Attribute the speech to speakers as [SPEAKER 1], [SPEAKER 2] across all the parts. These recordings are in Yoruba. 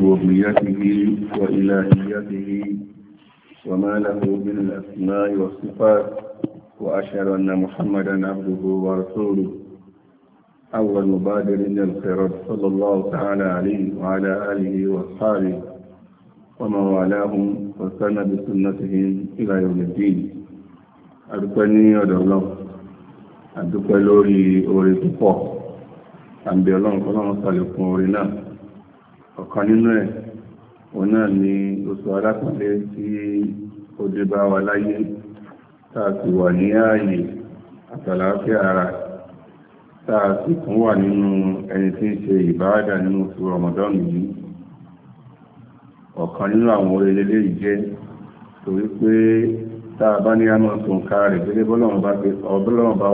[SPEAKER 1] ربوبيته وإلهيته وما له من الأسماء والصفات وأشهد أن محمدا عبده ورسوله أول مبادر للخيرات صلى الله تعالى عليه وعلى آله وأصحابه ومن والاهم وسن بسنتهم إلى يوم الدين أدقني يا الله أدق لوري أوري تقوى أنبي الله صلى الله عليه وسلم ọ̀kan nínú ẹ̀ òun náà ni oṣù alápàlẹ́ tí ó dé bá wa láyé táà sì wà ní ààyè àtàlàáfíà ara táà sì tún wà nínú ẹni tí ń ṣe ìbáradà nínú oṣù Ramadan yìí ọ̀kan nínú àwọn orílẹ̀-èdè yìí jẹ́ torí pé táà bá ní àmọ́ tó ń ká rẹ̀ gẹ́gẹ́ bọ́lọ́wọ́n bá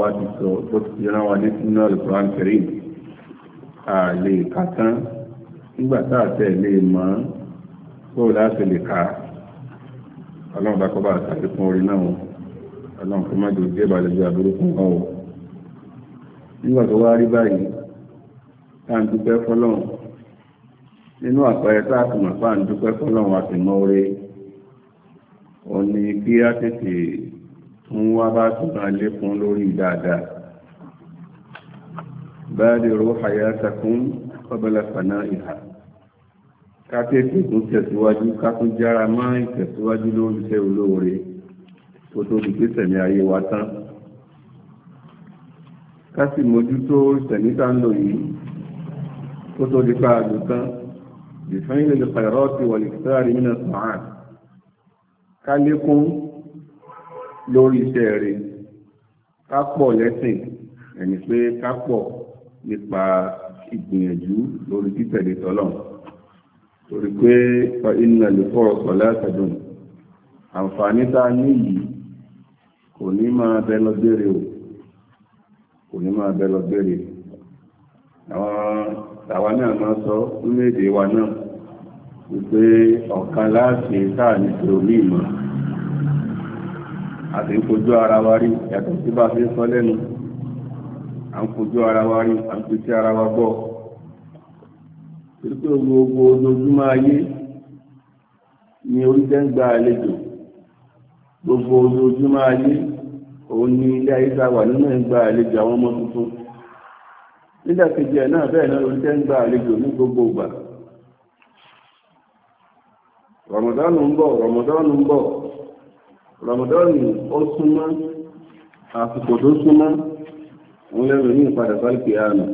[SPEAKER 1] wá ti sọ tó ti yẹn wá ní sínú Al-Qur'an àlè kàtán nígbà tá àtẹ̀ lè e mọ̀ ọ́n bóò láti lè ka ọlọ́run bá kọ́ bá àtàkùn orin náà wọn ọlọ́run kó má jòjì ìbàlẹ̀ ju àbúrò fún wọn o nígbà tó wá rí báyìí tá à ń dúpẹ́ fọlọ́run nínú àpẹẹrẹ tá a sì mọ̀ pá à ń dúpẹ́ fọlọ́run àtìmọ́ orí ó ní kí á tètè tún wá bá tún máa lékún lórí dáadáa báyìí ro àyà takún ọbẹ̀lẹ̀ fàná ìhà kákéèkì tó tẹ̀síwájú ká tó jára máa ń tẹ̀síwájú lórí iṣẹ́ olóore kó tó di pé sẹ̀mí ayé wa tán ká sì mójútó sẹ̀mí tá ń lò yìí kó tó di pa àgbò tán ìfẹ́yìn lè pàrọ̀ ti wà lè sáré nínú sàn ká lékún lórí iṣẹ́ rẹ̀ ká pọ̀ lẹ́sìn ẹni pé ká pọ̀ nípa ìgbìyànjú lórí títẹ̀lé tọ́lọ́run torí pé fa iná lè fọ́rọ̀ pọ̀ látàdùn àǹfààní tá a ní yìí kò ní máa bẹ lọ o kò ní máa bẹ lọ bẹ̀rẹ̀ àwọn tàwa náà máa sọ èdè wa náà wípé ọ̀kan láti káà ní pé fi sọ lẹ́nu à ń kojú ara wa rí à ń fi sí torí pé gbogbo ojoojúmọ́ ayé ni orí jẹ́ ń gba àlejò gbogbo ojoojúmọ́ ayé òun ni ilé ayé tá a wà nínú ẹ̀ ń gba àlejò àwọn ọmọ tuntun nígbà kejì ẹ̀ náà bẹ́ẹ̀ náà orí jẹ́ ń gba àlejò ní gbogbo ìgbà rọmọdánù ń bọ̀ rọmọdánù ń bọ̀ rọmọdánù ó súnmọ́ àsìkò tó súnmọ́ ń lẹ́rù ní ìpadà sálùkì àná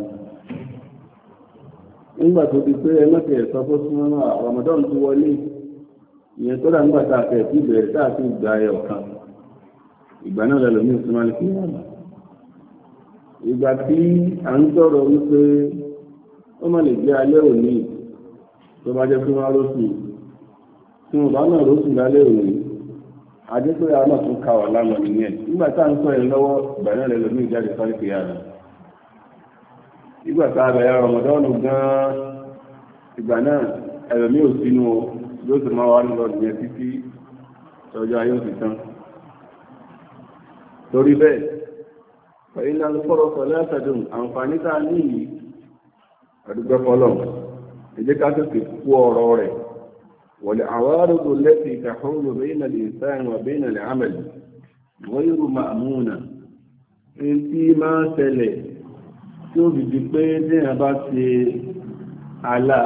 [SPEAKER 1] nígbà tó ti pé ẹlọ́tẹ̀ ẹ̀sọ́ fún súnmọ́ Ramadan ti wọlé ìyẹn tó dà nígbà tá a fẹ́ sí ìbẹ̀rẹ̀ tá a sì gba ẹ ọ̀kan ìgbà náà lẹ́lọ́mí súnmọ́ ní fún wọn. ìgbà tí à ń sọ̀rọ̀ wípé ó má lè jẹ́ alẹ́ òní tó bá jẹ́ fún wọn lóṣù tí wọn bá náà lóṣù lálẹ́ òní adé pé a náà tún ka wà lánàá nìyẹn nígbà tá à ń sọ yẹn lọ́wọ́ ìgbà náà lẹ́lọ́mí jáde sáré nígbà tá a bẹ̀rẹ̀ rọmọdọ́nù gan-an ìgbà náà ẹ̀rọ̀mí ò sínú o yóò sì máa wá lọ nìyẹn títí ọjọ́ ayé òsì tán torí bẹ́ẹ̀ pẹ̀lú náà fọ́rọ̀ sọ àǹfààní tá ní yìí àdúgbò ìdí ká kú ọ̀rọ̀ rẹ̀ wọ̀lẹ̀ àwọn arúgbó lẹ́sì ìtàkùnrò bẹ́ẹ̀ nà lè wà bẹ́ẹ̀ nà àmẹ́lì wọ́n yóò máa múnà ní tí máa ń ṣẹlẹ̀ tí ó fi di pé déèyàn bá ṣe àlà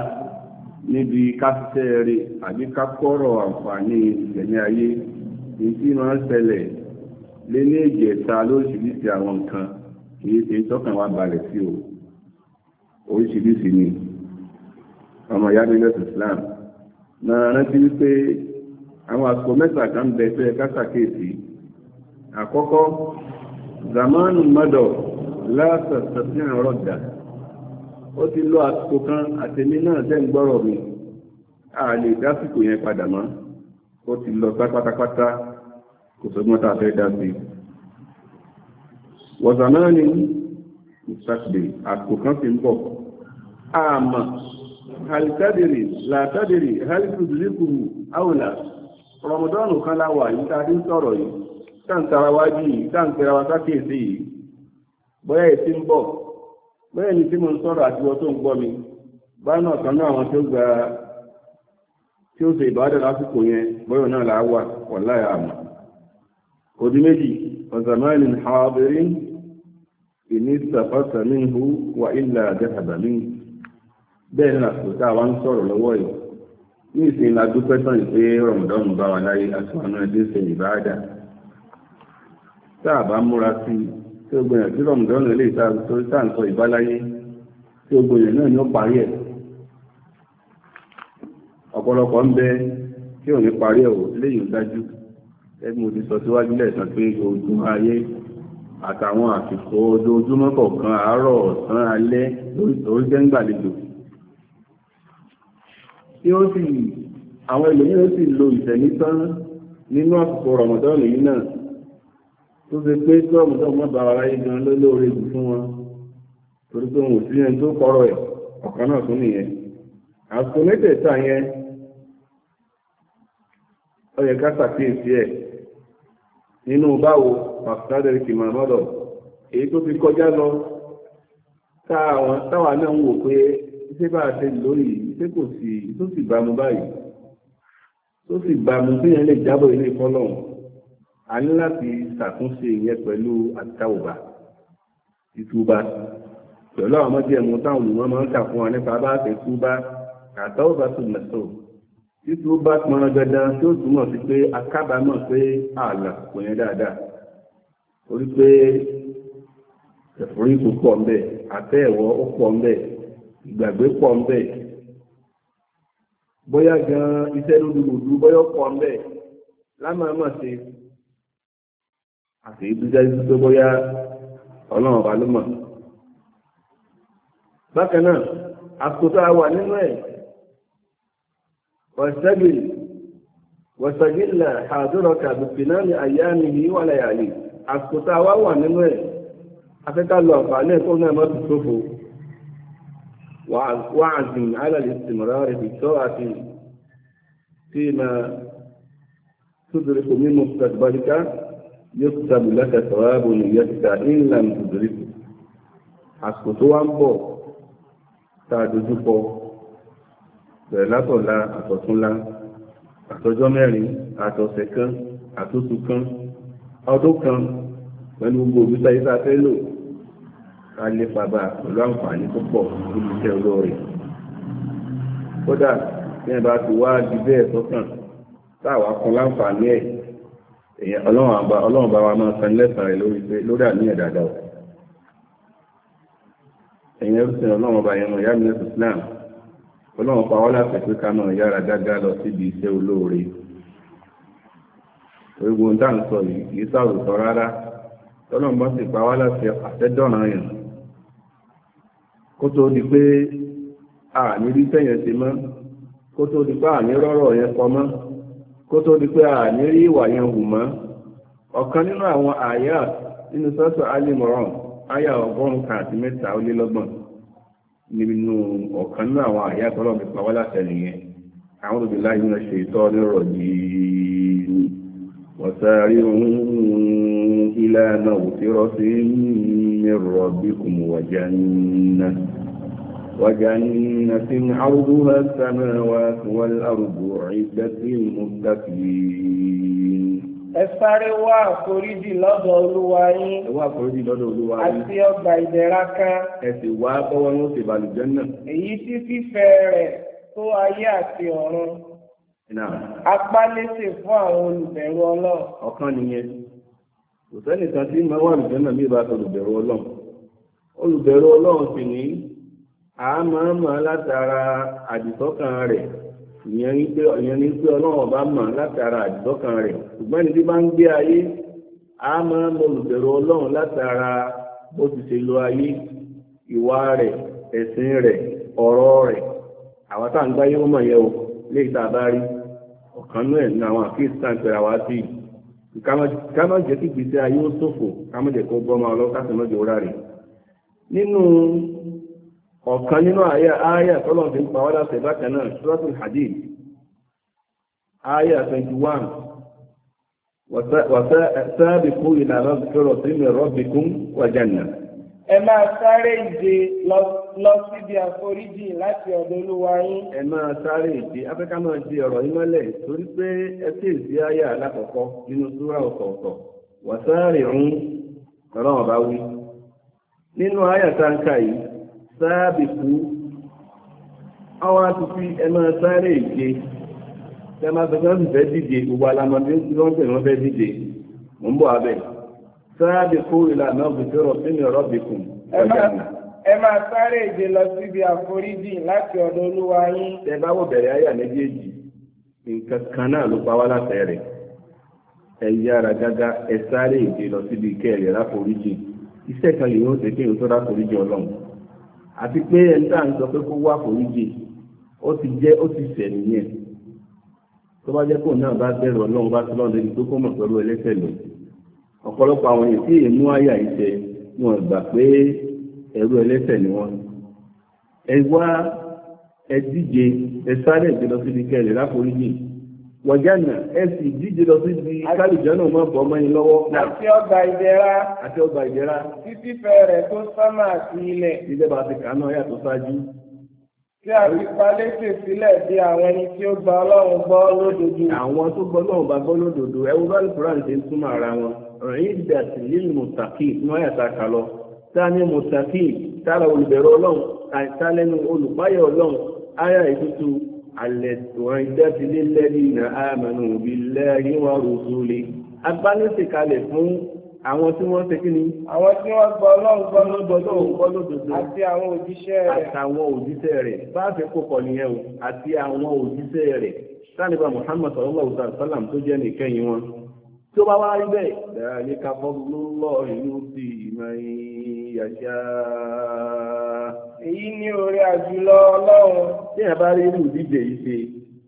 [SPEAKER 1] níbi kásítẹ́ rẹ̀ àbí kákọ́rọ̀ àǹfààní ìṣẹ̀mí ayé èyí tí máa ń ṣẹlẹ̀ lé ní ìjẹta lóríṣiríṣi àwọn nǹkan kìí ṣe tọ́kàn wá balẹ̀ sí o oríṣiríṣi ni ọmọ ìyá nílẹ̀ Islam náà rántí wípé àwọn àsìkò mẹ́ta kan ń bẹ tó àkọ́kọ́ zamanu mọ́dọ̀ láàtọ̀tọ̀ sí ọ̀rọ̀ dà ó ti lọ àsìkò kan àtẹ̀mí náà tẹ́ ń gbọ́rọ̀ mi a lè dásìkò yẹn padà mọ́ ó ti lọ pátápátá kò sọ́gbọ́n tá a fẹ́ dá sí wọ̀sànáà ni ìsàkìdè àsìkò kan ti ń bọ̀ àmà halitadiri látadiri halitudulikuhu àwòlà rọmọdọ́nù kan láwà yìí tá a ti ń sọ̀rọ̀ yìí tá ń tarawa jì yìí tá ń tẹrawa sákèsí yìí bóyá èsì ń bọ̀ bóyá ẹni tí mo ń sọ̀rọ̀ àtiwọ́ tó ń gbọ́ mi báyìí náà kan náà àwọn tó gba tí ó ṣe ìbádà lásìkò yẹn bóyá náà là á wà wọ̀lá àmọ́ méjì ọ̀zàmánì àwọ̀bẹ̀rẹ̀ ìní sàfàtà minhu wà ilà àjẹsàbà minhu bẹ́ẹ̀ ni àsìkò tá ń sọ̀rọ̀ lọ́wọ́ yìí ní ìsìn la tán ìpé rọ̀mùdọ́mù bá wa láyé àti wọn náà dé ṣe tá a bá múra sí i tí ó gbìyànjú tí rọ̀mùdọ́nù lè sáǹsọ ìbáláyé tí ó gbìyànjú náà ni ó parí ẹ̀ ọ̀pọ̀lọpọ̀ ń bẹ tí ò ní parí ẹ̀ wò léyìn dájú ẹgbẹ́ mo ti sọ síwájú lẹ́ẹ̀kan pé ogun ayé àtàwọn àsìkò ojoojúmọ́ kọ̀ọ̀kan àárọ̀ ọ̀sán alẹ́ lórí jẹ́ngbàlejò tí ó sì àwọn ẹlòmíràn sì lo ìtẹ̀mítán nínú àsìkò rọ̀mọ̀dọ́nù yìí náà tó ṣe pé sọ́ọ̀mù tó mọ́ bá ara yìí gan lólóore jù fún wọn torí pé òun ò sí ẹni tó kọrọ ẹ̀ ọ̀kan náà tún nìyẹn àsìkò mẹ́tẹ̀ẹ̀ta yẹn ó yẹ ká ṣàkíyèsí ẹ̀ nínú báwo pàṣípàdé kì máa mọ́dọ̀ èyí tó fi kọjá lọ táwọn táwa náà ń wò pé ṣé bá a ṣe lórí ṣé kò sí tó sì bámu báyìí tó sì bámu tó yẹn lè jábọ̀ ilé ìfọ́lọ́hún a ní láti ṣàtúnṣe ìyẹn pẹ̀lú àtàwùbà ìtúbà pẹ̀lú àwọn ọmọdé ẹ̀mú táwọn olùwọ́n máa ń kà fún wa nípa bá ṣe túbá àtàwùbà tó mẹ́tò ìtúbà pọn dandan tí ó túmọ̀ sí pé akábàámọ̀ pé ààlà kò yẹn dáadáa orí pé ẹ̀fọ́rí kò pọ̀ ń bẹ̀ àtẹ́ ẹ̀wọ́ ó pọ̀ ń bẹ̀ ìgbàgbé pọ̀ ń bẹ̀ bóyá gan iṣẹ́ lódúdú bóyá ó pọ̀ ń bẹ̀ lámàá mọ̀ sí àti ìdújá ìdú tó bóyá ọlọ́run ọba ló mọ̀. bákan náà àsìkò a wà nínú ẹ̀ wọ̀ṣẹ́bì wọ̀ṣẹ́gìlà àdúrà kàbùkì náà ní àyà mi yìí wà láyà yìí a wà nínú ẹ̀ afẹ́ká lọ àǹfààní ẹ̀kọ́ náà ti ma yóò lẹ́sẹ̀ sọ̀rọ̀ ẹ̀bùn ìyẹ́sìkà inland ìdòríkù àsìkò tó wá ń bọ̀ tá a dojúkọ bẹ̀rẹ̀ látọ̀la àtọ̀túnla àtọjọ́ mẹ́rin àtọ̀sẹ̀ kan àtúntù kan ọdún kan pẹ̀lú gbogbo òbíta yìí tá a fẹ́ lò ká lè pàbà pẹ̀lú àǹfààní tó pọ̀ níbi iṣẹ́ olóore kódà bí ẹ ti wá di bẹ́ẹ̀ sọ́kàn táwa kan láǹfààní ẹ̀ ọlọ́run bá wa máa san lẹ́sàn rẹ̀ lórí pé lórí àníyàn ọ̀ ẹ̀yìn ẹrùsìn ọlọ́run bá yẹn mọ̀ yá Islam ọlọ́run pa wọ́n láti pé ká náà yára dáadáa lọ síbi iṣẹ́ olóore ń sọ yìí sọ rárá ọlọ́run bá láti kó pé àmì rí sẹ́yìn ti mọ́ kó pé kó tó di pé a ní rí ìwà yẹn hù mọ́ ọ̀kan nínú àwọn àyà nínú sọ́tọ̀ alimoran àyà ọgọ́rùn-ún kan àti mẹ́ta ó lé lọ́gbọ̀n nínú ọ̀kan nínú àwọn àyà tọ́lọ̀ mi pa wá látẹ̀lé yẹn àwọn òbí láyé ń ṣe ìtọ́ nírọ̀ yìí wọ́sàárì ohun ìlànà òfin rọ́ọ̀sì ń mi rọ̀ bí kò jẹ́ nínú náà. وجنة عرضها السماوات والأرض عدة للمتقين
[SPEAKER 2] ẹ sáré wá àforíjì lọ́dọ̀ olúwa yín. àti ọgbà ìdẹ̀ra kan. ẹ wá bọ́wọ́ ní oṣù ìbàlùjẹ́ náà. èyí tí fífẹ́ rẹ̀ tó ayé àti ọ̀run. apálẹ́sẹ̀ fún àwọn olùbẹ̀rù ọlọ́run. ọ̀kan
[SPEAKER 1] nìyẹn kò sẹ́nìkan tí máa wà lùjẹ́ náà bí ìbá olùbẹ̀rù ọlọ́run olùbẹ̀rù ọlọ́run sì ní àmọ́mọ́ látara àdìsọ́kàn rẹ̀ ìyẹn ní pé ọlọ́run ọba mọ̀ látara àdìsọ́kàn rẹ̀ ṣùgbọ́n ní bí bá ń gbé ayé olùbẹ̀rù ọlọ́run látara bó ti ṣe lo ayé ìwà rẹ̀ ẹ̀sìn rẹ̀ ọ̀rọ̀ rẹ̀ àwọn tá o lè ta bá rí ọ̀kan náà ní àwọn àkíyèsí tá a ń pẹ̀rẹ̀ wá sí i ká má jẹ́ kí ìgbésí ayé ó ṣòfò ká má jẹ́ kó nínú ọ̀kan nínú àyà àyà tọ́lọ̀ fi ń pa wádà tẹ̀ bákan náà suratul hadid àyà 21 wàsáàbìkú ìlànà kúrò sí mi rọ́bìkún wàjànà.
[SPEAKER 2] ẹ máa sáré ìje lọ síbi àforíjì láti ọ̀dọ̀ olúwa yín. ẹ máa sáré ìje
[SPEAKER 1] afẹ́ká máa di ọ̀rọ̀ yín mọ́lẹ̀ torí pé ẹ sì sí àyà alákọ̀ọ́kọ́ nínú súrà ọ̀tọ̀ọ̀tọ̀ wàsáàrì ń ọlọ́run bá wí. nínú àyà tá yìí sáàbìkú àwọn àtúfí ẹmọ sáré ìje tẹ́mà tọ́jọ́ sì fẹ́ díje gbogbo alamọ́dé tí wọ́n pè wọ́n fẹ́ díje mò ń bọ̀ abẹ́ sáàbìkú ìlànà òfìsẹ́rọ̀ sínú ọ̀rọ̀ bìkún
[SPEAKER 2] ẹ máa sáré ìje lọ síbi àforíjì láti ọ̀dọ̀ olúwa yín. tẹ bá wò bẹ̀rẹ̀ ayé àmẹ́jẹ́jì nǹkan kan
[SPEAKER 1] náà ló pa wá látẹ̀rẹ̀ ẹ yára gágá ẹ sáré ìje lọ síbi kẹrẹ̀ láforíjì iṣẹ́ kan lè yóò ṣe kí n tó ráforíjì ọlọ́run àti pé ẹni tá à ń sọ pé kó wá foríjì ó ti jẹ́ ó ti ṣẹ̀ nìyẹn tó bá jẹ́ kó náà bá bẹ̀rù ọlọ́run bá tọ́lọ́run lórí pé kó mọ̀ pẹ̀lú ẹlẹ́sẹ̀ lọ ọ̀pọ̀lọpọ̀ àwọn èèyàn tí èyí mú àyà yìí ṣe wọn gbà pé ẹ̀rú ẹlẹ́sẹ̀ ni wọ́n ẹ wá ẹ díje ẹ sáré ìgbélọ́síbi kẹrìnlá foríjì wọ̀jánà ẹ̀sì díje lọ sí di kálíjọ́nà máa bọ̀ ọmọ yín
[SPEAKER 2] lọ́wọ́. àti ọgbà ìdẹ̀ra. àti ọgbà ìdẹ̀ra. títí fẹ́ rẹ̀ tó sámà sí ilẹ̀. ilé bá ti kà náà yàtọ̀ ṣáájú. tí a ti palẹ́sì sílẹ̀ bí àwọn ẹni
[SPEAKER 1] tí ó gba ọlọ́run gbọ́ lódodo. àwọn tó gbọ́ ọlọ́run bá gbọ́ lódodo ẹ wo báyìí Kúránì ṣe ń túmọ̀ ara wọn. rìn dàtí lílù mùtàkì ní wọ́n yàtà kà lọ. tá a ní mùtàkì tára olùbẹ̀rẹ̀ ọlọ́run àìsálẹ́nu olùpáyọ̀ ọlọ́run áyà ìtútù àlẹ̀tùwọ̀njẹ́ ti lélẹ́rí ìnà àmànù òbí lẹ́rí wọn rùsùlé agbálẹ́sì kalẹ̀ fún àwọn tí wọ́n ṣe kí ni. àwọn tí wọ́n gbọ́ ọlọ́run gbọ́ lódodo gbọ́ lódodo àti àwọn òjíṣẹ́ rẹ̀ àtàwọn òjíṣẹ́ rẹ̀ bá a fẹ́ kó kọ nìyẹn o àti àwọn òjíṣẹ́ rẹ̀ sálíbà Muhammad sallallahu alaihi wa sallam tó jẹ́ nìkẹ́yìn wọn tí bá wá rí bẹ́ẹ̀ dáàlé ká fọ́gbọ́lọ́ bí ẹ bá rí irú ìdíje yìí ṣe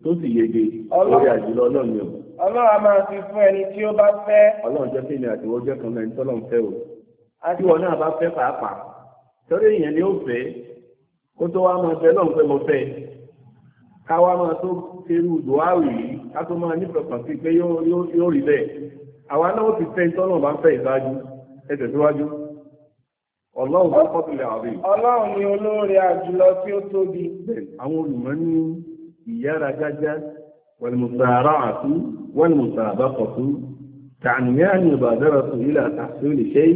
[SPEAKER 1] tó sì yege lórí àjùlọ ọlọ́run yẹn.
[SPEAKER 2] ọlọ́run a máa fi fún ẹni tí ó bá fẹ́. ọlọ́run
[SPEAKER 1] jẹ́ kí ni àtiwọ́ jẹ́ kan lẹ́ni tọ́lọ́run fẹ́ o.
[SPEAKER 2] tí wọn náà bá fẹ́ pàápàá torí èèyàn
[SPEAKER 1] ni ó fẹ́ kó tó wá máa fẹ́ lọ́run pé mo fẹ́ ká wá máa tó irú dùhárì yìí ká tó máa nífọ̀kàn sí pé yóò rí bẹ́ẹ̀ àwa náà ó ti fẹ́ tọ́lọ́run bá fẹ́ ìṣáájú ẹ tẹ̀síwájú. Ọlọ́run bá kọ́bìlẹ̀ àrí. Ọlọ́run ni olóore àjùlọ tí ó tóbi. Àwọn olùmọ̀ ní ìyára gájá, wal musara'atu, wal musabaqatu, ta'niyani mubadaratu ila tahsili shay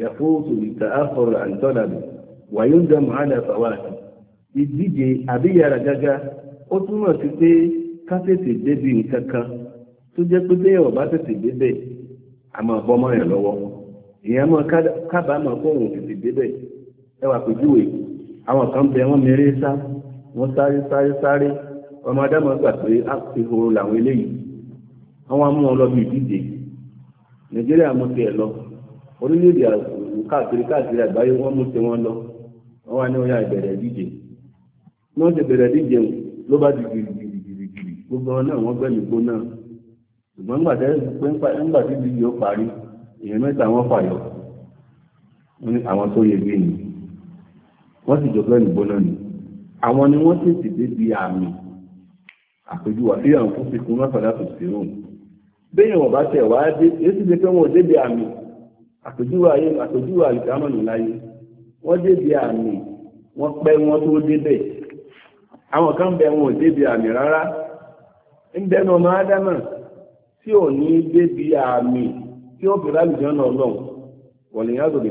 [SPEAKER 1] yafutu bita'akhur an talabi wa yundam ala fawati. Ìdíje àbí ìyára gájá, ó túmọ̀ sí pé ká tètè débi nǹkan kan tó jẹ́ pé bẹ́ẹ̀ ọ̀bá tètè débẹ̀ àmọ́ ọ̀bọ́mọ́ rẹ̀ lọ́wọ́. kábàámọ̀ kóhùn tètè débẹ̀ ẹwà pèjúwe àwọn kan bẹ wọ́n mèrè sá wọ́n sáré sáré sáré ọmọ adámọ̀ gbà pé àpèhoro làwọn eléyìí àwọn amú wọn lọ bí ìdíje nàìjíríà mú tiẹ̀ lọ orílẹ̀-èdè káàkiri káàkiri àgbáyé wọ́n mú tiwọn lọ wọ́n wá ní ọ̀yà ìbẹ̀rẹ̀ ìdíje wọ́n ti bẹ̀rẹ̀ díje ló bá di gìrìgìrìgìrì gbogbo náà wọ́n gbẹ̀mí gbóná ṣùgbọ́n ńgbà tí ìdíje ó parí èèyàn mẹ́ta wọ́n fàyọ̀ ní àwọn tó yege ni wọ́n sì jọ pẹ́lú gbóná ni àwọn ni wọ́n tètè débi àmì àpéjúwà sí àwọn fún fikún mọ́sàdá tó sí rùn bẹ́yìn wọ́n bá tẹ̀ wá dé èsì pé wọ́n débi àmì àpéjúwà ayé àpéjúwà àlùkámọ̀nù láyé wọ́n débi àmì wọ́n pẹ́ wọ́n tó débẹ̀ àwọn kan bẹ wọn ò débi àmì rárá ń bẹnu ọmọ ádámà tí ò ní débi àmì tí ó fi rálùjọ́ náà lọ́wọ́ wọ̀lẹ̀yìn àdòlè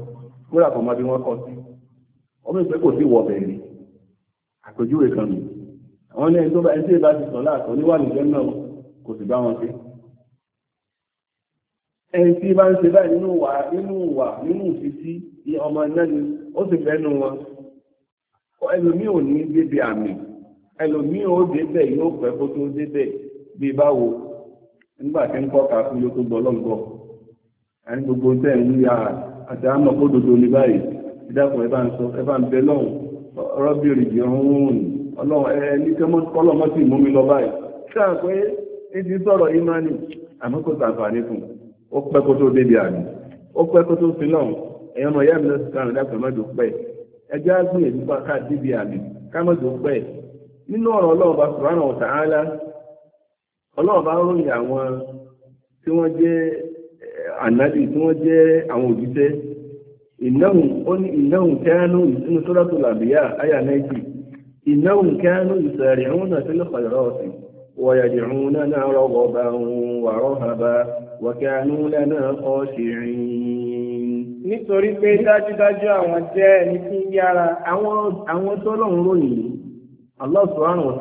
[SPEAKER 1] kódà kò mọ bí wọ́n kọ́ sí ọmọ ìpẹ́ kò sí wọ̀bẹ̀ ni àpèjúwe kan nù àwọn ilé ẹni tó bá ẹni tí ìbá ti sàn láàtọ̀ níwà nìjẹ́ náà kò sì bá wọn ṣe
[SPEAKER 2] ẹni tí bá ń ṣe báyìí
[SPEAKER 1] nínú wà nínú wà nínú ìfisí ọmọ náà ni ó sì fẹ́ nu wọn ẹlòmíì ò ní débi àmì ẹlòmíì ó débẹ̀ yóò pẹ́ kó tó débẹ̀ bí báwo nígbà tí ń kọ́ fún yóò tó gbọ́ lọ́gbọ́ àní gbogbo tẹ̀ ń yára àti àmọ́ kó dodo ní báyìí ìdákùn ẹbá ń sọ ẹbá ń bẹ lọ́hùn rọ́bìrì jẹ́ òun ọlọ́run ẹ ní kọ́lọ́mọ́ sì mú mi lọ báyìí ṣáà pé ní ti sọ̀rọ̀ ìmánì àmọ́ kò sàǹfààní fún ó pẹ́ kó tó débi àmì ó pẹ́ kó tó fi lọ́hùn ẹ̀yọ́n mọ̀ ìyá mi lọ́sùn kárùn dákùn mọ́jọ pẹ́ ẹjọ́ á gbìyànjú pa ká débi àmì ká mọ́jọ pẹ́ nínú ọ̀rọ̀ ọlọ́run bá sùránà àwọn tí ànábì tí wọ́n jẹ́ àwọn òjíṣẹ́ ìnáhùn ó ní ìnáhùn kẹ́ánú ìsinú sọ́dọ̀tò làbíyà àyà náìjì ìnáhùn kẹ́ánú ìsẹ̀rẹ̀ òun náà sílẹ̀ pàdọ̀rọ̀ ọ̀sìn ويدعون
[SPEAKER 2] رغبا ورهبا وكانوا لنا خاشعين nítorí pé dájúdájú àwọn jẹ́ ẹni tí ń yára àwọn tọ́lọ́run ròyìn Allah subhanahu wa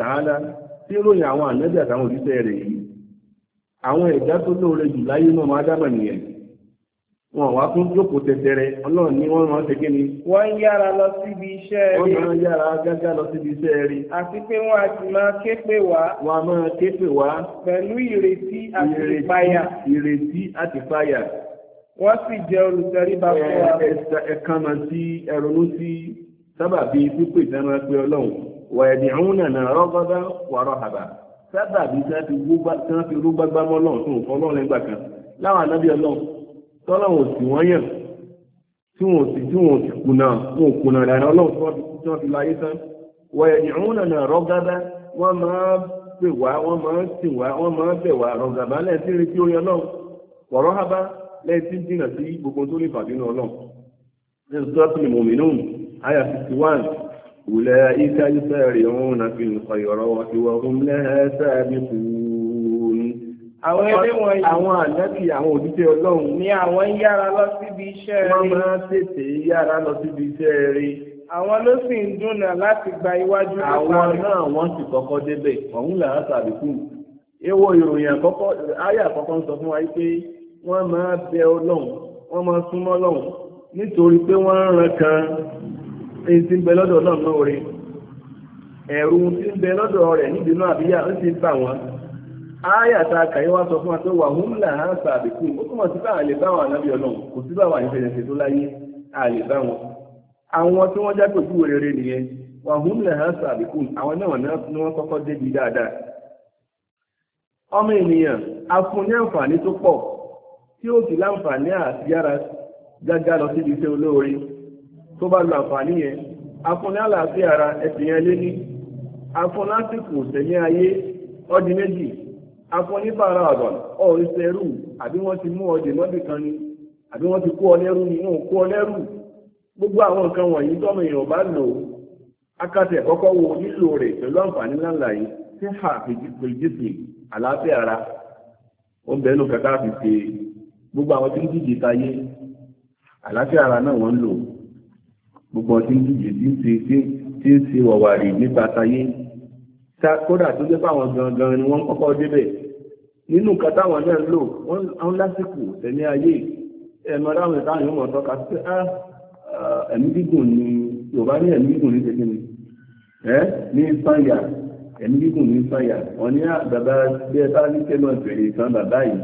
[SPEAKER 2] tí ròyìn àwọn ànábì àtàwọn
[SPEAKER 1] òjíṣẹ́ rẹ̀ yìí àwọn ẹ̀dá tó lóore jù láyé náà máa dábà nìyẹn
[SPEAKER 2] wọn wá tún jókòó tẹtẹrẹ ọlọ́run ní wọ́n máa ń tẹ́gẹ́ ni. wọ́n yára lọ síbi iṣẹ́ rí. wọ́n máa yára gágá lọ síbi iṣẹ́ rí. àti pé wọ́n á ti máa ké pè wá. wọ́n á máa ké pè wá. pẹ̀lú ìrètí àti ìpayà. ìrètí àti ìpayà. wọ́n
[SPEAKER 1] sì jẹ́ olùtẹríba fún wa. ẹ̀ka máa ti ẹ̀rọ̀nú sí sábàbí pípé ìdáná pé ọlọ́run wà ẹ̀dì àwọn nàná rọ́gọ́dá wàrọ̀ àbá sábà bí sáà fi rú gbágbá mọ́ lọ́n tó nǹkan lọ́rùn ẹgbà kan láwọn ànábì ọlọ́run tọ́lọ́run sì wọ́n yàn tí wọ́n sì tí wọ́n sì kùnà wọn ò kùnà ìlànà ọlọ́run tó wọ́n fi láyé tán wọ̀nyẹ̀ ní òun nànà rọ́gábá wọ́n máa pè wá wọ́n máa sìn wá wọ́n máa bẹ̀ wá rọ̀gàbá lẹ́ẹ̀sìn retí orin ọlọ́run wọ̀rọ̀ hábá lẹ́ẹ̀sìn jìnnà sí gbogbo tó lè fàbínú ọlọ́run أولئك يسارعون في الخيرات وهم لها سابقون
[SPEAKER 2] àwọn ànábì àwọn òdíjẹ́ ọlọ́run ni àwọn yára lọ síbi iṣẹ́ rí wọ́n máa tètè yára lọ síbi iṣẹ́ rí àwọn ló sì ń dúnà láti gba iwájú nípa rẹ̀ àwọn náà
[SPEAKER 1] wọ́n sì kọ́kọ́ débẹ̀ ọ̀hún là á sàbíkù
[SPEAKER 2] èwo ìròyìn àkọ́kọ́ ayé àkọ́kọ́ ń sọ fún wa pé wọ́n máa bẹ ọlọ́run
[SPEAKER 1] wọ́n máa súnmọ́ ọlọ́run nítorí pé wọ́n ń ran kan èyí ti ń bẹ lọ́dọ̀ náà náà rí ẹ̀rù lọ́dọ̀ rẹ̀ àbíyá ó ti bà wọ́n áyàtà kàyíwá sọ fún wa pé wàhún là á sàbìkú ó túmọ̀ sí báwọn àlè báwọn ànábì kò sí tó láyé àlè wọn. àwọn tí wọ́n ojú rere nìyẹn wàhún là á àwọn náà ni wọ́n kọ́kọ́ a fún ní àǹfààní tó pọ̀ tó bá lo àǹfààní yẹn afúnni àlàáfíà ara ẹ̀sìn yẹn lé ní afúnni àsìkò sẹ̀mí ayé ọdún méjì afúnni bàrà àgbọ̀n ọ̀rẹ́sẹ̀rù àbí wọ́n ti mú ọdẹ mọ́bì kan ni àbí wọ́n ti kó ọ lẹ́rú ni wọ́n kó ọ lẹ́rú gbogbo àwọn nǹkan wọ̀nyí tọ́mọ èèyàn bá lò akátẹ̀ kọ́kọ́ wo nílò rẹ̀ pẹ̀lú àǹfààní ńláńlá yìí tí hà fìdíjìsì àlàáfíà ara ó ń bẹ nù kẹta fi ṣe gbogbo àwọn tí ń díje táyé àlàáfíà ara náà wọ́n ń lò gbogbo ọtí ń dìje tí ń ṣe tí ń ṣe wàwàrì nípa tayé kódà tó jẹ́ fáwọn gangan ni wọ́n kọ́kọ́ débẹ̀ nínú nǹkan táwọn náà lò wọ́n lásìkò tẹ̀lé ayé ẹ̀mọ́ láwọn ìtàn yóò mọ̀ tọ́ka sí ẹ̀mí gígùn ni yorùbá ní ẹ̀mí gígùn ní tẹ́kẹ́ ni ẹ́ ní sáyà ẹ̀mí gígùn ní sáyà wọ́n ní bàbá bí ẹ bá ní kẹ́mọ̀ bẹ̀rẹ̀ ìtàn bàbá yìí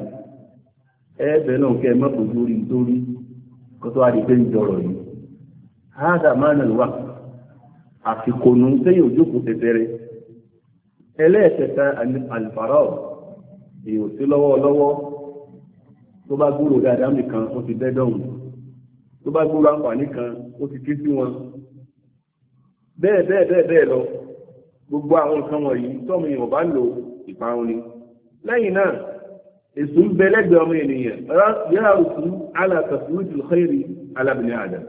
[SPEAKER 1] ẹ bẹ̀rẹ̀ náà kẹ́ mọ́ kò lórí torí kó wá di pé ń jọrọ̀ yìí hádà máa nà wà àfikònú sẹ́yìn òjókòó tẹ̀tẹ̀rẹ̀ ẹlẹ́ẹ̀kẹta àlùfàrà èyí ò sí lọ́wọ́lọ́wọ́ tó bá gbúrò dáadáa nìkan ó ti dẹ́dọ̀hùn tó bá gbúrò àǹfààní kan ó ti ké sí wọn bẹ́ẹ̀ bẹ́ẹ̀ bẹ́ẹ̀ bẹ́ẹ̀ lọ gbogbo àwọn nǹkan wọ̀nyí tọ́mọ èèyàn bá lò ìparun ni lẹ́yìn náà èso ń bẹ lẹ́gbẹ̀ẹ́ ọmọ ènìyàn rárá yàrá òkú alàkàfíwìtì lọ́kẹ́rì alábìnrin àdàmù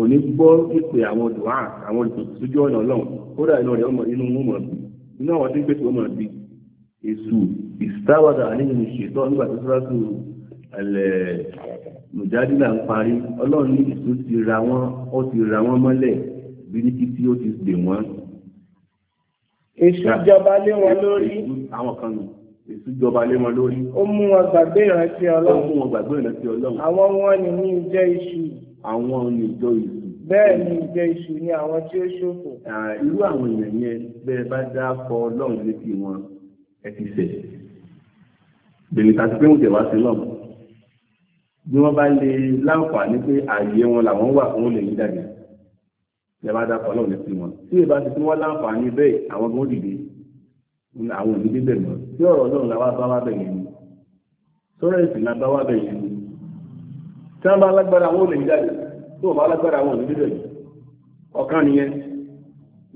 [SPEAKER 1] kò ní gbọ́ ìpè àwọn dùá àwọn ìtòsójú ọ̀nà ọlọ́run kódà inú rẹ̀ ọmọ inú mọ̀ bí inú àwọn tí ń pèsè ọmọ bí èsù ìsítáwàdà àníyàn ìṣètọ́ nígbà tó sọ́ra sí ẹ̀lẹ́ mùjádìlà ń parí ọlọ́run ní ìṣó ti ra wọ́n ó ti ra wọ́n mọ́lẹ̀ bíríkì tí ó ti dè wọ́n.
[SPEAKER 2] èsù jọba lé wọn lórí. àwọn kan nù èsù jọba lé wọn lórí. ó mú wọn gbàgbé ìrántí ọlọ́run. ó mú wọn gbàgbé ìrántí ọlọ́run. àwọn wọn ni ní ìjẹ́ iṣu àwọn ìjọ ìsù. bẹ́ẹ̀ ni ìjọ ìsù ni àwọn tí ó ṣòfò. irú àwọn èèyàn
[SPEAKER 1] yẹn bẹ́ẹ̀ bá dá kọ ọlọ́run létí wọn ẹ ti ṣẹ̀. bẹ̀rẹ̀ tàbí pé oúnjẹ wá sí lọ́mù. bí wọ́n bá lè láǹfààní pé ààyè wọn làwọn wà fún lè yí dàgbà. ìjọba bá dá kọ ọlọ́run létí wọn. tí ìbá ti fún wọn láǹfààní bẹ́ẹ̀ àwọn gan dìde àwọn òní bíbẹ̀ mọ́. tí ọ̀rọ̀ ọlọ́run làwọn bá wá bẹ̀ yẹn ni. sọ́rọ̀ ìsìn làbá wá bẹ̀ yẹn ni. tí wọ́n bá lágbára àwọn olè jáde tí wọ́n bá lágbára àwọn olè níbẹ̀ ọ̀kan nìyẹn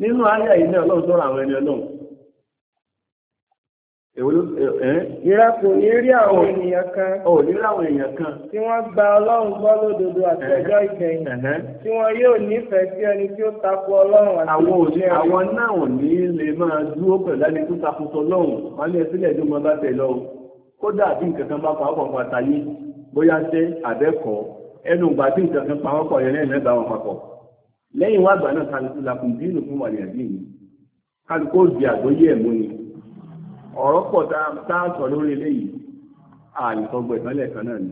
[SPEAKER 1] nínú ayé yìí
[SPEAKER 2] náà lọ́wọ́ sọ́rọ̀ àwọn ẹni ọlọ́run Ìrákò kan. Tí gba Ọlọ́run gbọ́ lódodo ìkẹyìn. Tí yóò nífẹ̀ẹ́ sí ẹni tí ó Ọlọ́run àti àwọn òní. Àwọn náà
[SPEAKER 1] ní lè máa dúró pẹ̀lú ẹni tó tako tọlọ́run. Wọ́n ní ẹsílẹ̀ tó bá tẹ̀ lọ. Kódà bí nǹkan kan bá pa ọkọ̀ bóyá ṣe àbẹ́kọ̀ọ́ ẹnu ìgbà tí nǹkan kan pamọ́ pọ̀ yẹn lẹ́yìn papọ̀ lẹ́yìn àgbà náà kálukú lakùn bínú fún wàlẹ̀ àbí mi kálukú ó di àgbóyé ni ọ̀rọ̀ tá a sọ lórí eléyìí àìsọgbọ̀ ìpínlẹ̀ kan náà ni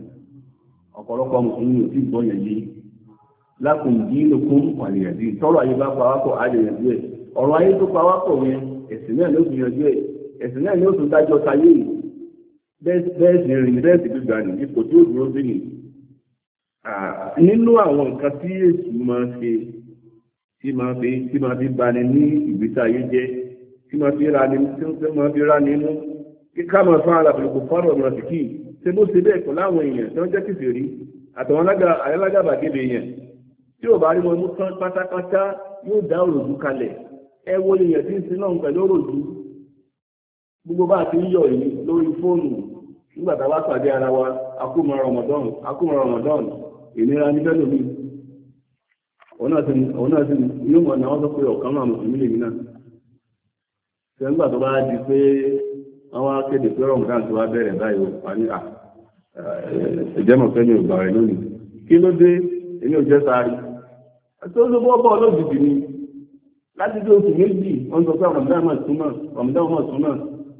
[SPEAKER 1] ọ̀pọ̀lọpọ̀ mùsùlùmí ò sì gbọ́ yẹn yé bẹ́ẹ̀ sì rìn bẹ́ẹ̀ sì gbígbà ní ipò tí ó dúró sí ni nínú àwọn nǹkan tí èsù máa ṣe tí máa fi tí máa fi bani ní ìgbésí ayé jẹ́ tí máa fi rani tí máa fi rani mú kíkà máa fún alàbùkù fọ́nà ọ̀nà sìkì ṣe bó ṣe bẹ́ẹ̀ pẹ̀lú àwọn èèyàn tí wọ́n jẹ́ kìfì rí àtàwọn alágàbàgebè èèyàn tí ò bá rí wọn mú tán pátápátá yóò dá òròjú kalẹ̀ ẹ wo èèyàn tí ń sin náà pẹ̀lú òròjú gbogbo bá a ti ń yọ̀ yìí lórí fóònù nígbà tá a pàdé ara wa akúmọ̀ ramadan akúmọ̀ ramadan ìnira ní fẹ́lò mi òun náà sì ní mọ̀ náà wọ́n sọ pé ọ̀kan máa mùsùlùmí lèmi ṣe bá di pé àwọn akéde pé ramadan tó wá bẹ̀rẹ̀ báyìí ó pa ní ẹ̀jẹ̀mọ̀ ìgbà rẹ̀ lónìí kí ló dé èmi ò jẹ́ sáré àti ó ló bọ́ ni láti dé oṣù méjì wọ́n sọ pé ramadan máa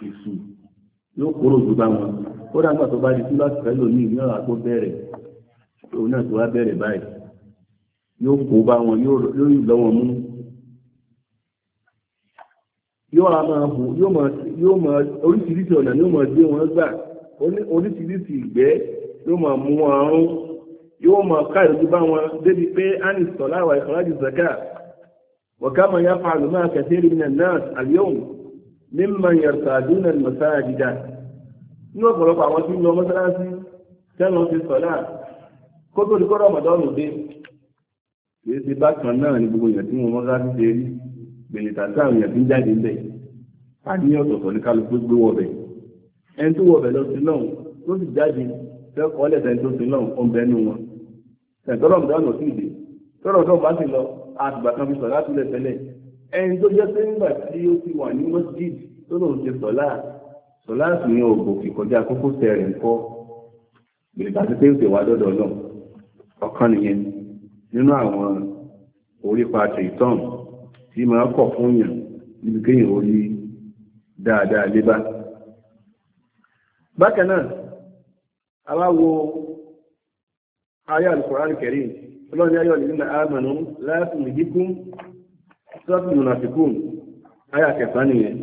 [SPEAKER 1] èsù yóò kóró ju bá wọn ó dàgbà tó bá di kú láti fẹ́ lómi ní ọ̀rá tó bẹ̀rẹ̀ òun náà tó wá bẹ̀rẹ̀ báyìí yóò kó bá wọn yóò lọ wọn mú yóò ra máa hù yóò máa oríṣiríṣi ọ̀nà yóò máa gbé wọn gbà oríṣiríṣi ìgbẹ́ yóò máa mú wọn rún yóò máa ká ìlú bá wọn débi pé anis tọ́lá wà ìfọ́lájú zaka wọ̀ká máa yá fa àlùmọ́ àkàtẹ́rì náà náà àlùyọ̀hùn mímọ yẹrùsàdúnà mọ̀sáàdìdà ní ọ̀pọ̀lọpọ̀ àwọn tí ń lọ mọ́sálásí tẹ́lọ̀ ti sọ̀lá kó tó di kọ́rọ̀ mọ̀dọ́rùn dé kìí ṣe bákan náà gbogbo wọn mọ́sálásí ṣe rí tàbí àwọn ń jáde àníyàn ọ̀tọ̀ọ̀tọ̀ ní kálukú gbé ẹni tó lọ sí náà tó sì jáde ẹni tó jẹ́ pé nígbà tí ó ti wà ní masjid tó lòun ṣe sọ̀lá sọ̀lá sì ní ògbò fi kọjá kókó tẹ̀rẹ̀ ńkọ́ gbèsè àti pé ń pè wá dọ́dọ̀ náà ọ̀kan nìyẹn nínú àwọn orípa tìtọ́n tí máa kọ̀ fún yàn níbi kéèyàn ó rí dáadáa lébá bákan náà a wá wo ayé al-Qur'an al-Karim ọlọ́run ayé ọ̀lẹ́yìn náà á mọ̀nà láti sọ́ọ̀tì mùnàfikún ayà kẹfà nìyẹn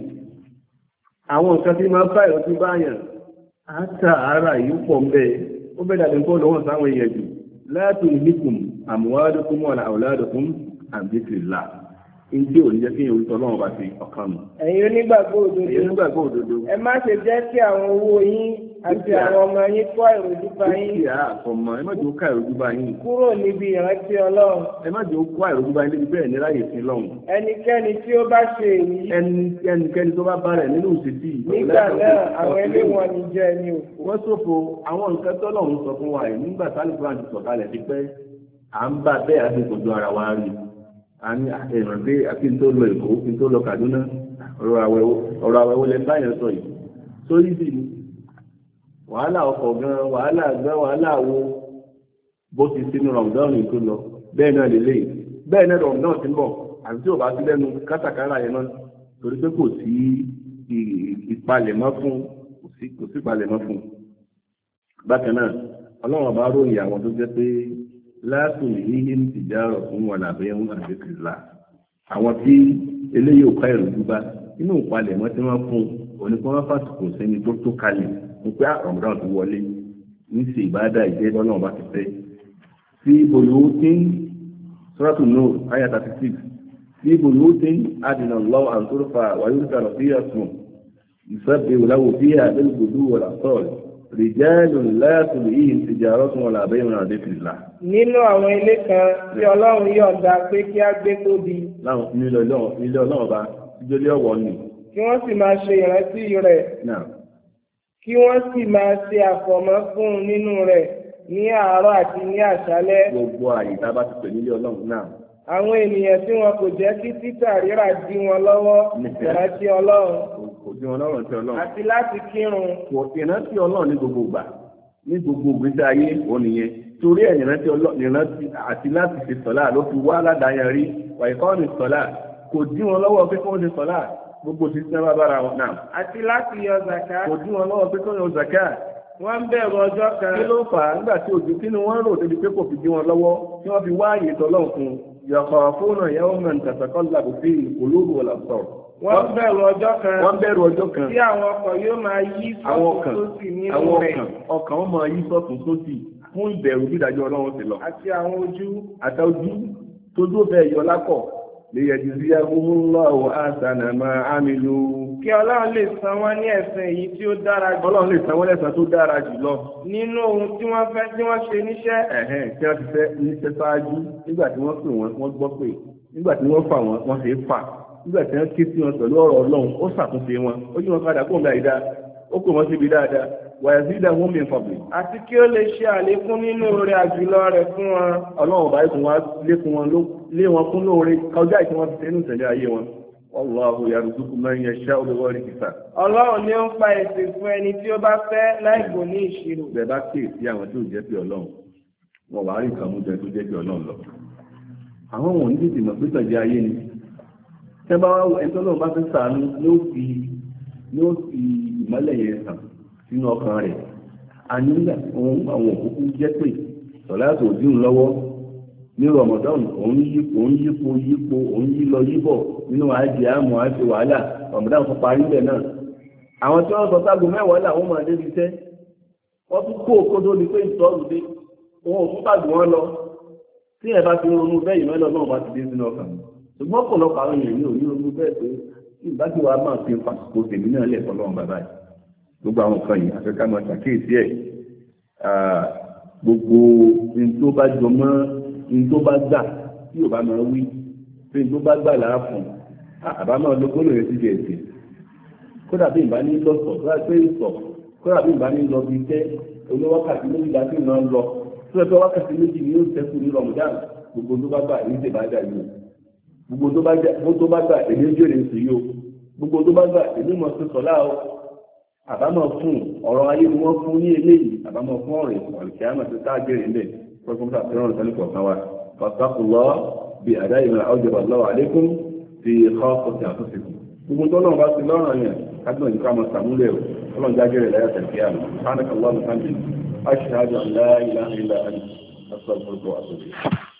[SPEAKER 1] àwọn nǹkan tí máa bá ìrọ̀tí báyàn àtà ara yìí pọ̀ ń bẹ́ẹ̀ ó bẹ́ẹ̀ dàbí pọ́ lọ́wọ́ sáwọn èèyàn jù láti ìlíkùn àmúwádókún wàlà àwòládókún àbíkìlá ndí ò ní jẹ́ kí orúkọ náà bá fi ọkàn mọ̀.
[SPEAKER 2] ẹ̀yin onígbàgbọ́ òdodo ẹ má ṣe jẹ́ kí àwọn owó yín àti àwọn ọmọ yín kó àìròjú bá yín. dúkìá
[SPEAKER 1] àtọmọ ẹ má jẹ́ ó kó àìròjú bá yín. kúrò níbi ìrántí ọlọ́run. ẹ má jẹ́ ó kó àìròjú bá yín débi bẹ́ẹ̀ ní láyè sí lọ́hùn.
[SPEAKER 2] ẹnikẹ́ni tí
[SPEAKER 1] ó bá ṣe èyí. ẹnikẹ́ni tó bá bá rẹ̀ nínú ìṣètì. nígbà náà àwọn ẹni wọn ni jẹ́ ẹni òkú. wọ́n ṣòfò àwọn nǹkan tọ́lọ́run sọ fún wa yìí nígbà sálùkùrán ti sọ̀kalẹ̀ ti pẹ́ à ń bá bẹ́ẹ̀ àdìgbòdo ara wa rí àmì ìrántí lọ Èkó àti lọ Kaduna ọ̀rọ̀ àwẹ̀wò lẹ́ báyẹn sọ yìí sórí sí ni wàhálà ọkọ̀ gan wàhálà gan wàhálà wo bó ti sínú rọ̀mùdọ́ọ̀nù tó lọ bẹ́ẹ̀ náà lélẹ̀ bẹ́ẹ̀ náà rọ̀mùdọ́ọ̀nù ti ń bọ̀ àti tí ò bá sí lẹ́nu kátàkárà yẹn náà torí pé kò sí ìpalẹ̀mọ́ fún kò sí ìpalẹ̀mọ́ fún bákan náà ọlọ́run bá ròyìn àwọn tó jẹ́ pé látòlì yíyí ń tìjárọ̀ fún wọn làbẹ́ ń àdékìlá àwọn tí eléyìí ò ká ìròjú bá inú ìpalẹ̀mọ́ tí wọ́n fún onípọ́nfàsìkò sẹ́ni wípé àrọ̀mọ́dán ah, ti wọlé ní ṣe ìbáadá ìjẹ́ lọ́nà ọba ti fẹ́ sí bolúwótín sọ́ràtù náà àyà 36 sí bolúwótín adìnà lọ́wọ́ àǹtórfà wàyúrúkà lọ sí ọ̀sùn ìsọ́bẹ̀ òláwò bí àbẹ́lùgbòdú wọ̀lá sọ́ọ̀lù rìjẹ́lù láti yìí ti jẹ́ ọlọ́sùn wọn làbẹ́ ìrìn àdé fìlà.
[SPEAKER 2] nínú àwọn ilé kan tí ọlọ́run yọ̀ǹda pé kí á gbé tóbi. láwọn ilé ọlọ́run ọba ìjọlé ọ̀wọ́ ni. kí wọ́n sì máa ṣe ìrántí rẹ̀. náà kí wọ́n sì máa ṣe àfọ̀mọ́ fún un nínú rẹ̀ ní àárọ̀ àti ní àṣálẹ́. gbogbo àyè tá a bá ti pè nílé ọlọ́run náà. àwọn ènìyàn tí wọn kò jẹ́ kí títà rírà dí wọn lọ́wọ́ ìrántí ọlọ́run. kò dí wọn lọ́rùn tí ọlọ́run. àti láti kírun. kò
[SPEAKER 1] ìrántí ọlọ́run ní gbogbo ìgbà ní gbogbo ìgbésí ayé òun nìyẹn torí ẹ̀ ìrántí ìrántí àti láti ṣe sọ̀lá ló fi wá aládàáyàn rí wàyíkọ́ọ̀nì sọ̀lá kò dí wọn lọ́wọ́ pé kí wọ́n ṣe sọ̀lá gbogbo ti sẹ́ bá bára wọn náà.
[SPEAKER 2] àti láti yọ zaka. kò
[SPEAKER 1] dún wọn lọ́wọ́ pé kí wọ́n yọ zaka. wọ́n ń bẹ̀rù ọjọ́ kan. kí ló fà á nígbà tí òjò kí ni wọ́n rò débi pé kò fi dí wọn lọ́wọ́ tí wọ́n fi wá àyè tọ́lọ́ fún. yọ̀kọ̀ fóònù ìyàwó mọ̀ nítàsọ̀kọ́ làbò fi ìkòlóòrò ọ̀là sọ̀rọ̀. wọ́n bẹ̀rù ọjọ́ kan. wọ́n bẹ̀rù ọjọ́ kan. tí
[SPEAKER 2] àwọn ọkọ̀ yóò máa yí sọ́tún sósì nínú rẹ̀. àwọn
[SPEAKER 1] ọkàn ọkàn wọn máa yí sọ́tún sósì fún ìbẹ̀rù bí ìdájọ́ Ọlọ́run ti lọ. àti àwọn
[SPEAKER 2] ojú. àtàwọn ojú lè yẹ jù sí ẹkúnmúlọ́wọ́ àtànà máa ámìlú. kí ọlọ́run lè san wọ́n ní ẹ̀sìn èyí tí ó dára jù. ọlọ́run lè san wọ́n lẹ́sàn tó dára jù lọ. nínú ohun tí wọ́n fẹ́ tí wọ́n ṣe níṣẹ́. ẹ̀hẹ́n tí wọ́n ti fẹ́
[SPEAKER 1] níṣẹ́ ṣáájú nígbà tí wọ́n pè wọ́n wọ́n gbọ́ pé nígbà tí wọ́n fà wọ́n wọ́n ṣe é fà nígbà tí wọ́n ké sí wọn pẹ̀lú ọ̀rọ̀ ọlọ́run ó ṣàtúnṣe ìdá wọn mìíràn fàbí. àti kí ó lè ṣe àlékún nínú oore àjùlọ rẹ̀ fún wọn. ọlọ́run ọba ìkùn wa lékún wọn ló lé wọn kún lóore kọjá ìtí wọn fi tẹnu tẹ̀lé ayé wọn Allahu yarzuqu man yasha'u bi ghairi hisab.
[SPEAKER 2] Ọlọ́run ni ó ń pa èsì fún ẹni tí ó bá
[SPEAKER 1] fẹ́ láì kò ní ìṣirò. Bẹ́ẹ̀ bá kéè sí àwọn tí ò jẹ́ pé Ọlọ́run wọn wàá rí nǹkan mú jẹ tó jẹ́ pé Ọlọ́run lọ. Àwọn wọ̀nyí tètè mọ̀ pé tọ̀jẹ́ ayé ni. Tẹ́ bá wá ẹni tọ́lọ́run bá fẹ́ sàánú ni ó fi ìmọ́lẹ̀ yẹn sàn sínú ọkàn rẹ̀. Àní nígbà àwọn òkúkú jẹ́ pé sọ̀lá ní rọmọdọ́nù òun yípo òun yípo yípo òun yílọ yíbọ̀ nínú àjẹ àmọ́ àti wàhálà rọmọdọ́nù fún parí bẹ̀ náà àwọn tí wọ́n sọ ságo mẹ́wàá làwọn máa débi tẹ́ wọ́n tún kó òkódó ni pé ìtọ́rù dé wọn ò tún gbàgbé wọn lọ tí ẹ bá ti ronú bẹ́ẹ̀ ìmọ̀ ẹlọ́nà bá ti dé sínú ọkàn ṣùgbọ́n ọ̀pọ̀lọpọ̀ àwọn èèyàn ní òní ronú bẹ́ẹ̀ pé ìbájú wa máa fi fàṣìkò tèmi náà lẹ̀ fọlọ́run bàbá yìí gbogbo àwọn nǹkan yìí àfẹ́ká máa ṣàkíyèsí ẹ̀ gbogbo ní tó bá jọ mọ́ ní tó bá gbà tí ò bá máa wí pé tó bá gbà láà fún àbámọ́ ológbólò rẹ̀ síbi ẹ̀sìn kódà bí ìbá ní lọ sọ kódà pé sọ kódà bí ìbá ní lọ bí tẹ oníwákàtí méjì láti ìná lọ tó pé wákàtí méjì ni yóò ṣẹ́kù ní rọmọdán gbogbo tó bá gbà èyí tè bá dà gbogbo tó bá gbà èmi ń jèrè sí yìí gbogbo tó bá gbà èmi mọ̀ sí sọ̀lá o àbámọ̀ fún ọ̀rọ̀ ayé ni wọ́n fún ní eléyìí àbámọ̀ fún ọ̀rẹ́ ọ̀rẹ́ kìámọ̀ tó tá kọ́kún tàbí ọ̀rọ̀ sẹ́lẹ̀ kọ̀ọ̀kan wa fàtàkùlọ́ bí àdá ìmọ̀ àwùjọba lọ́wọ́ àlékún fi ọkọ̀ sí àtúnṣekù gbogbo tó náà bá ti lọ́rọ̀ yẹn kájọ ìdíkà mọ̀ sàmúlẹ̀ o ọlọ́run jágẹ̀rẹ̀ láyà tẹ̀síà
[SPEAKER 2] mi sánàkàlọ́ mi sáńdì aṣáájú àlá ìlànà ìlànà àṣọ